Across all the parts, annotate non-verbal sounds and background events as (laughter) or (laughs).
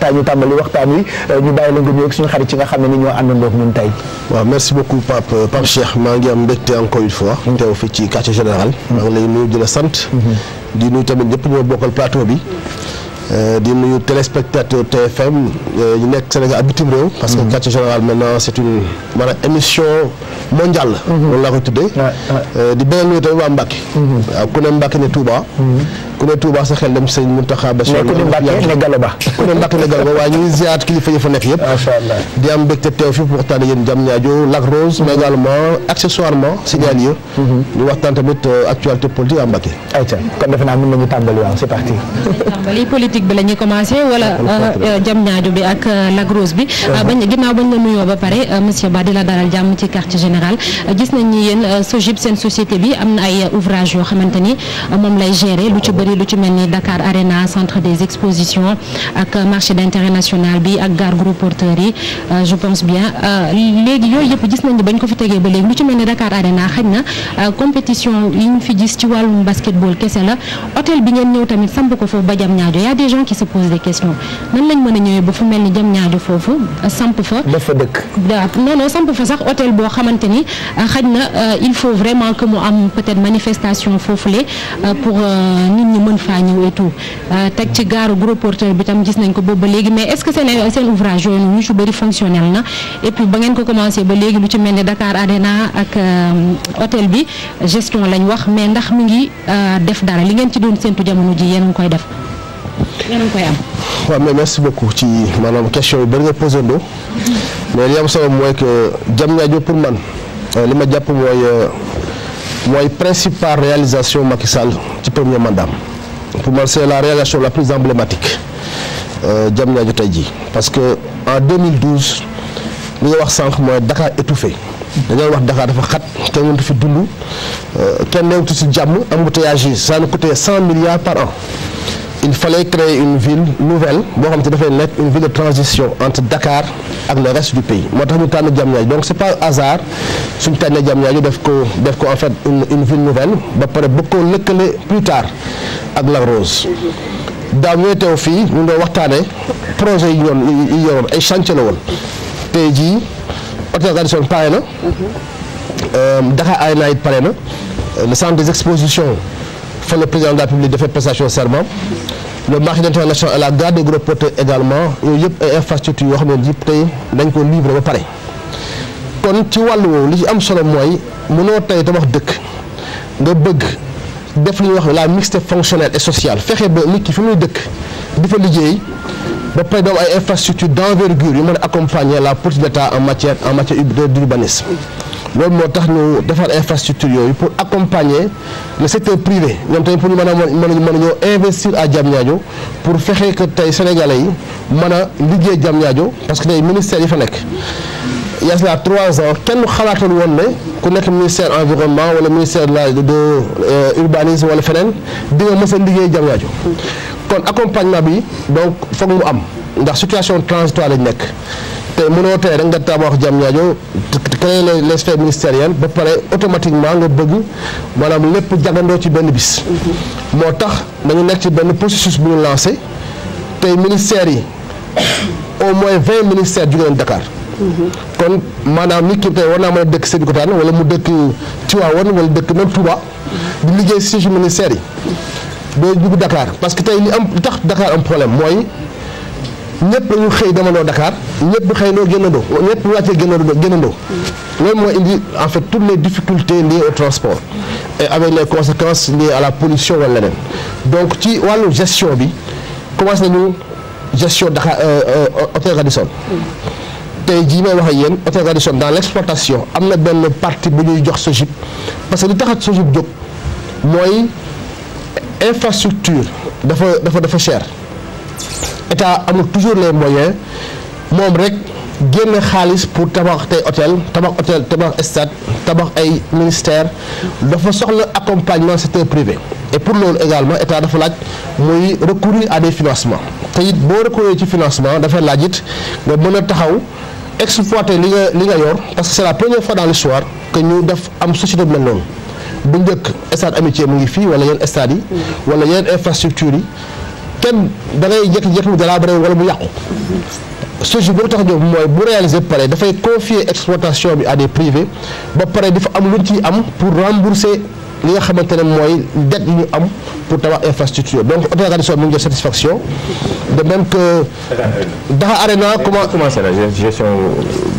taa ñu tàmbali waxtaan wi euh, ñu bàyyi la nga nuyoog suñu xarit ci nga xam ne ni ñoo àndandoo ak ñun tey. waaw merci beaucoup Pape euh, Pape Cheikh maa ngi am mbégte encore une fois. Mm-hmm. teew fi ci TFM mm-hmm. mm-hmm. euh, ñu nekk Sénégal ak bitim réew. parce que quartier général maintenant c' est une maanaam émission mondiale. loolu laa koy tuddee. di beneen nuyu tamit waa Mbacke. ku ne Mbacke ne Touba. ku ne Touba sa xel dem sëñ Mountakha Bachir. mais ku ne Mbacke ne Gallo Ba. (laughs) ku ne Mbacke ne Gallo Ba waaye ñu ngi ziar kilifa yi fa nekk yëpp. macha allah di am mbégte teew fi waxtaan ak yéen jàmm ñaajo Lac Rose. mais également accessoirement signal mhm. mhm. euh, yi. kon defe naa mën nañu tàmbali c'est parti. tàmbali bi la ñuy commencé wala euh, ñaajo bi ak euh, Lac Rose bi. Mhm. ginnaaw bañ la nuyoo ba pare monsieur Ba di la dalal jàmm ci quartier général gis nañ ni yéen seen société bi am na ay ouvrage yoo xamante moom lay gérer lu ci bëri bëri lu ci mel ni Dakar Arena centre des expositions ak marché d'intérêt national bi ak gare gros yi euh, je pense bien euh, léegi yooyu yëpp gis nañ ni bañ ko fi tegee ba léegi lu ci mel ni Dakar Arena xëy na euh, compétition yi ñu fi gis ci wàllum basketball kese la hôtel bi ngeen ñëw tamit samp ko foofu ba jam ñaajo y a des gens qui se posent des questions nan lañ mën a ñëwee ba fu mel ni jam ñaajo foofu samp fa dafa dëkk non samp fa sax hôtel boo xamante ni xëy mën faa ñëw et tout euh, teg ci gaaru gros porteur bi tam gis nañ ko boobu ba léegi mais est seen ouvrage yooyu ñu ci bëri fonctionnel na et puis ba ngeen ko commencé ba léegi lu ci mel ne Dakar Arena ak euh, hôtel bi gestion lañ wax mais ndax mi ngi euh, def dara li ngeen ci doon séntu jamono ji yéen a ngi koy def yéen a ngi koy am. waaw mais merci beaucoup ci maanaam question yu bëri nga posé (laughs) mais li am solo mooy que jam ñaajo pour man li ma jàpp mooy. mooy principale réalisation Macky Sall ci premier mandat pour man c'est la réalisation la plus emblématique euh, jam ñaajo tey jii parce que en 2012 li nga wax sànq mooy Dakar étouffé dañoo wax Dakar dafa xat kenn mënut fi dund euh, kenn newtu si jàmm embouteillage yi ça nous coûtait 100 milliards par an il fallait créer une ville nouvelle boo xam te dafay nekk une ville de transition entre Dakar ak le reste du pays moo tax mu tànn Diamniadio donc c' est pas hasard suñu tànnee Diamniadio def ko def ko en fait une une ville nouvelle ba pare bëgg koo lëkkale plus tard ak Lac Rose. daaw ñooy teew fii ñu ngi waxtaanee projet yi ñoom yi yoroon ay chantier la woon tey jii hôtel Radisson pare na mhm. euh, Dakar Arena it pare na euh, le centre des expositions. fait le président de la République defee prestation serment le marché d'intervention la gare des gros porteurs également yooyu yëpp ay infrastructure yoo xam ne yëpp tey dañ ko livré ba pare kon ci wàll woowu li ci am solo mooy mënoo tey wax dëkk nga bëgg def li wax la mixité fonctionnelle et sociale fexe ba nit ki fi muy dëkk di fa liggéey ba pare doom ay infrastructure d'envergure yu mën a accompagner la politique d'État en matière en matière d'urbanisme loolu moo tax ñu defar infrastructure yooyu pour accompagner le secteur privé ñoom tamit pour man mën a mën mën ñoo investir à Diamniadio pour fexe que tey sénégalais yi mën a liggéey ñaajo parce que tey ministère yi fa nekk il y trois ans kenn xalaatal woon ne ku nekk ministère environnement wala ministère de la de euh, urbanisme wala feneen di nga mës liggéey liggéey Diamniadio kon accompagnement bi donc foog mu am ndax situation transitoire lañ nekk tey mënoo tey rek nga tabax Diamniadio créer les sphères ministérielles ba pare automatiquement nga bëgg maanaam lépp jagandoo ci benn bis. Mhm. moo tax nañu nekk ci benn processus bu ñu lancé tey ministères yi au moins vingt ministères jugee leen dakaar mhm. kon maanaam nit ki tey war naa mën a dëkk Sébikotane wala mu dëkk Tivaouane wala dëkk même Touba. Mhm. di liggéey siège ministère yi. doo jug dakaar parce que tey li am li tax Dakar am problème mooy. ñëpp dañu xëy demandoo Dakar ñëpp xëyandoo génnandoo ñëpp wàccee génnandoo génnandoo loolu moo indi en fait toutes les difficultés liées au transport et avec les conséquences liées à la pollution wala leneen donc ci wàllu gestion bi commencé nañu gestion Dakar euh, euh, hôtel Radisson tey jii may wax ak yéen hôtel Radisson dans l' exploitation am na benn partie bu ñuy jox SOGIP parce que li tax SOGIP jóg mooy infrastructure dafa dafa dafa cher état amul toujours les moyens moom rek génne xaalis pour tabax tey hôtel tabax hôtel tabax stade tabax ay ministère dafa soxla accompagnement secteur privé et pour loolu également état dafa laaj muy recourir à des financements te it boo recourir ci financement dafay laaj it nga mën a taxaw exploiter li nga li nga yor parce que c'est la première fois dans l'histoire que ñu def am société bu mel noonu bu njëkk stade amitié mu ngi fii wala yeneen stades yi wala yeneen infrastructures yi kenn da ngay jékki-jékki mu dalaa bare wala mu yàqu soji bu tax jóg mooy bu réaliser pare dafay confier exploitation bi à des privés ba pare difa am lu ciy am pour rembourser li nga xamante ne mooy dette ñu am pour tabax infrastructure donc autorisation mu ngi jox satisfaction de même que. Dakar Arena comment. commencé la gestion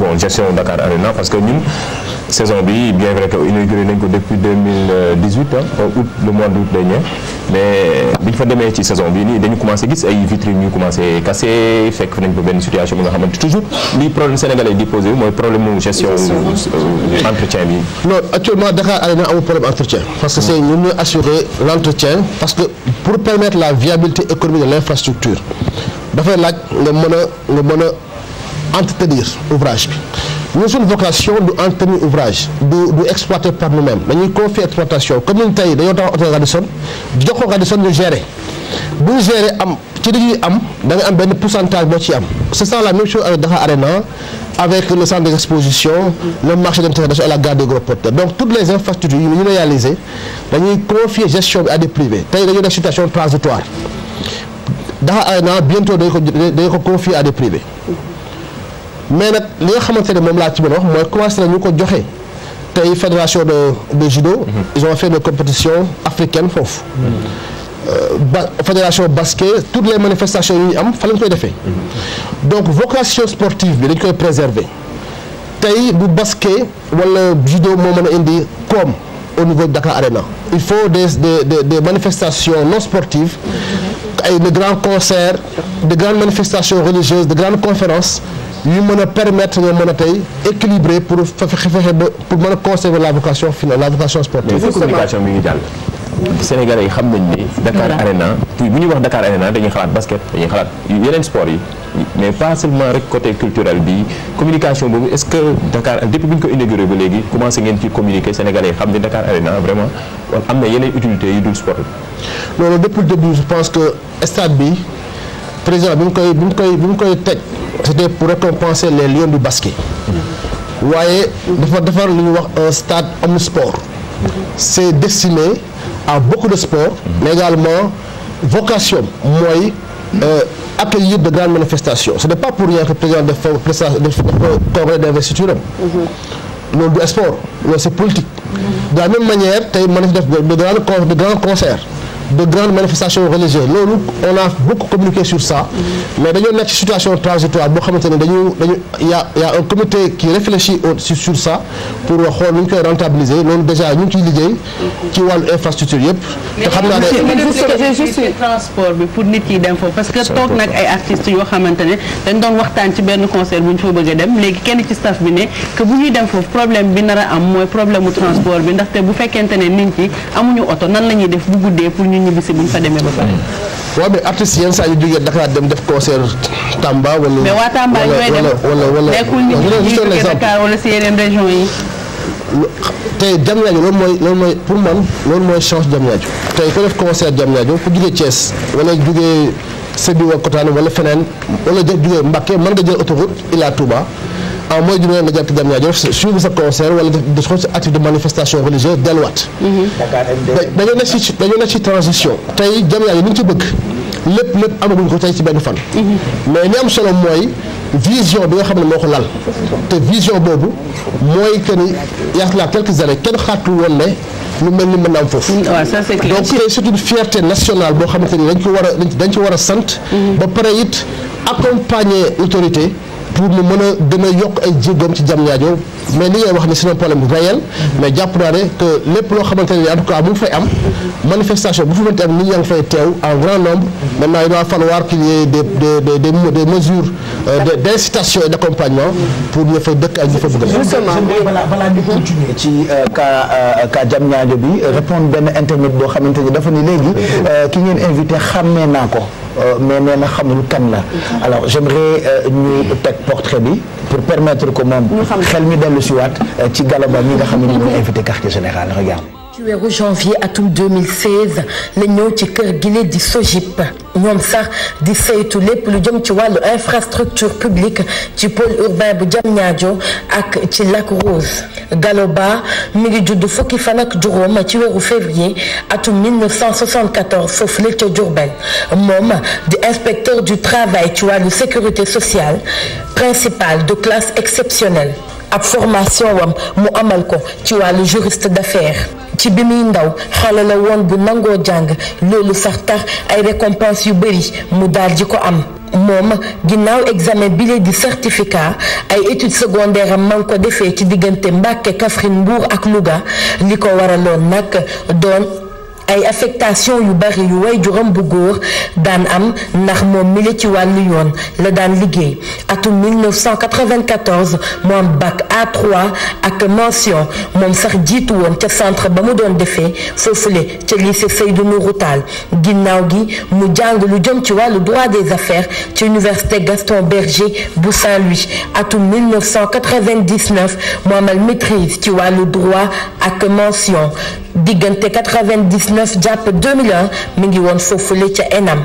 bon gestion Dakar Arena parce que ñun. saison bi bien vrai que inauguré nañ ko depuis 2018 ah août le mois d'août dernier mais bi ñu fa demee ci saison bi nii dañu commencé gis ay vitrines yu commencé casser fekk fa nañ ko benn situation bi nga xamante toujours li problème sénégalais di posé mooy problème mu gestion euh, entretien bi non actuellement Dakar Arena amul problème entretien parce que c'est ñun ñuy assurer l'entretien parce que pour permettre la viabilité économique de l'infrastructure dafay laaj nga mën a nga mën a entretenir ouvrage bi ñun suñu vocation du entretenir ouvrage du du exploiter par nous-mêmes dañuy confier exploitation comme ñun dañoo taxaw hôtel Radisson jox ko Radisson ñu gérer bu ñu am ci li ñuy am da am benn pourcentage boo ciy am c'est ça la même chose avec Dakar Arena avec le centre d'exposition le marché d'intégration et la gare gros porteurs donc toutes les infrastructures yu ñu réalisé dañuy confier gestion bi à des privés tey dañoo def situation transitoire Dakar ko dañu ko confier à des privés. mais nag li nga xamante ne moom laa ci mën a wax mooy commencé nañu ko joxe tey fédération de de judo. Mhm. ils ont fait des compétitions africaines foofu. Mhm. Euh, ba fédération basket toutes les manifestations yu ñu am fa lañ koy defee. Mhm. donc vocation sportive bi dañ koy préserver tey bu basket wala judo moo mën a indi koom au niveau de Dakar Arena. il faut des des des, des manifestations non sportives ay de grands concerts de grandes manifestations religieuses de grandes conférence yu mën a permettre nga mën a tey équilibrer pour fa fexe pour mën a conserver la vocation finale la vocation bi ngi jàll. Sénégalais yi xam nañ ni. Dakar Arena sport yi mais pas rek côté culturel bi communication boobu est Dakar depuis bi ñu ko inauguré ba léegi commencé ngeen ci communiquer Sénégalais yi xam ni Dakar Arena vraiment am na yeneen utilité yu dul sport bi. loolu depuis le début je pense que stade bi. président bi mu koy bi mu koy bi mu koy teg c'était pour récompenser les lions du basket. waaye dafa defar lu ñuy wax un stade omnisport. c'est destiné à beaucoup de sports. mais également vocation mooy euh, accueillir de grandes manifestations ce n'est pas pour rien que président dafa dafa congrès d'investiture am. loolu du sport loolu c'est politique. de la même manière tey manif def de grands de grands concerts. de grandes manifestations religieuses loolu on a beaucoup communiqué sur ça mais dañoo nekk ci situation transitoire boo xamante ne dañu dañu y a y a un comité qui réfléchit sur ça pour xool ñu koy rentabiliser loolu yëpp te xam naa ne transport bi dem foofu parce que toog nag ay artistes yoo xamante ne dañ doon waxtaan ci benn concert bu ñu fa bëgg dem léegi kenn ci staff bi ne que bu ñuy dem foofu problème bi nar a am mooy problème transport bi ndaxte bu fekkente ne nit yi amuñu oto nan la ñuy def bu guddee pour ñu ñu ñibbisi buñ fa demee ba pare. waaw mais artistes yenn saa yu jógee Dakar dem def concert Tamba wala. mais waa Tamba ñooy dem wala wala nekkul nit ñi jógee Dakar wala si yeneen région yi. tey Diamniadio loolu mooy loolu mooy pour man loolu mooy change Diamniadio tey ko def concert Diamniadio ku jógee Thiès wala jógee Sébi wala Kotaan feneen wala jógee Mbacké mën nga jël autoroute Ila Touba. en moins d'une heure nga jàpp jam ñaajo suivre sa concert wala def ko sa activité de manifestation religieuse delluwaat mm-hmm. dañoo nekk ci dañoo nekk ci transition tey jam ñaajo li ci bëgg lépp lépp amaguñ ko tey ci benn fan mm-hmm. mais li am solo mooy vision bi nga xam ne moo ko lal te vision boobu mooy que ni yaakaar naa quelques années kenn xaatul woon ne lu mel ni mën na am foofu mm, donc c'est une fierté national boo xamante ni dañ ko war a dañ ci war a sant mm-hmm. ba pare it accompagner autorité pour mu mën a gën a yokk ay jéegoom ci jam ñaajo mais li ngay wax ni c'est un problème réel mais jàpp naa ne que lépp loo xamante ne en tout cas bu fay am manifestation bu fa mënti am nit ñaa fay teew en grand nombre maintenant il va falloir qu'il y de des des des des mesures euh, d'incitation et d'accompagnement pour ñu fay dëkk ak ñu fa bëgg a balaa di continuer ci euh, cas euh, cas jam ñaajo bi répondre benn internet boo xamante ni dafa ni léegi ki ngeen invité xàmmee naa ko Euh, mais nee na xamul kan la alors j'aimerais euh, ñu teg portrait bi pour permettre que moom xel mi dellu si waat euh, ci galaba ñi nga xam ne ñu invité quartier général regarde ci weeru janvier atum 2016 la ñëw ci kër gile di SOGIP ñoom sax di saytu lépp lu jëm ci wàllu infrastructure publique ci pôle urbain bu Diamniadio ak ci Lac Rose Gallo Ba mi ngi judd fukki fan ak juróom ci weeru février atum 1974 foofu la ca Diourbel moom di inspecteur du travail ci wàllu sécurité sociale principal de classe exceptionnelle ab formation wam mu amal ko ci wàllu juriste d'affaires ci bi muy ndaw xale la woon bu nangoo jàng loolu sax tax ay récompense yu bëri mu daal ji ko am moom ginnaaw examen bile di certificat ay études secondaires am man ko defee ci diggante Mbàkke Kaffrine Mbuur ak Louga li ko waraloon nak doon ay affectation yu bari yu way juróom bu góor daan am ndax moom mi ci wàllu yoon la daan liggéey atum 1994 mu am bac A3 ak mention moom sax jiitu woon ca centre ba mu doon defee foofule ca lycée Seydou Nourou Tall ginnaaw gi mu jàng lu jëm ci wàllu droit des affaires ci université Gaston Berger bu Saint-Louis atum 1999 mu amal maîtrise ci wàllu droit ak mention diggante 2009 jàpp 2001 mi ngi woon foofule ca ENAM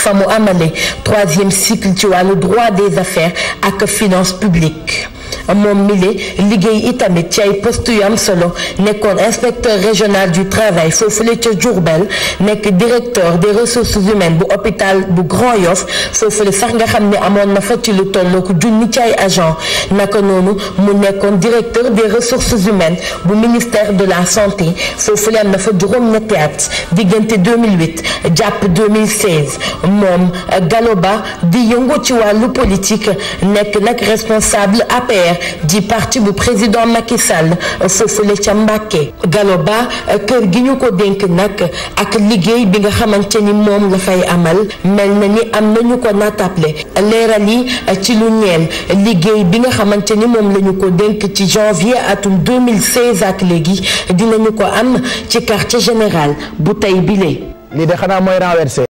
fa mu amale troisième cycle ci wàllu droit des affaires ak finance publique moom mile liggéey itamit ci ay poste yu am solo nekkoon inspecteur régional du travail foofule ca Diourbel nekk directeur des ressources humaines bu hôpital bu Grand Yoff foofule sax nga xam ne amoon na fa ci lu tollook junni ci ay agent naka noonu mu nekkoon directeur des ressources humaines bu ministère de la santé foofule am na fa juróom-ñetti at diggante 2008 jàpp 2016 moom Galoba di yëngu ci wàllu politique nekk nag responsable APR di parti bu président Macky Sall foofule ca Mbàkke Gallo Ba kër gi ñu ko dénk nag ak liggéey bi nga xamante ni moom la fay amal mel na ni am nañu ko naatable leeral yi ci lu ñeel liggéey bi nga xamante ni moom la ko dénk ci janvier atum 2016 ak léegi dinañu ko am ci quartier général bu tey bile. lii de mooy renversé.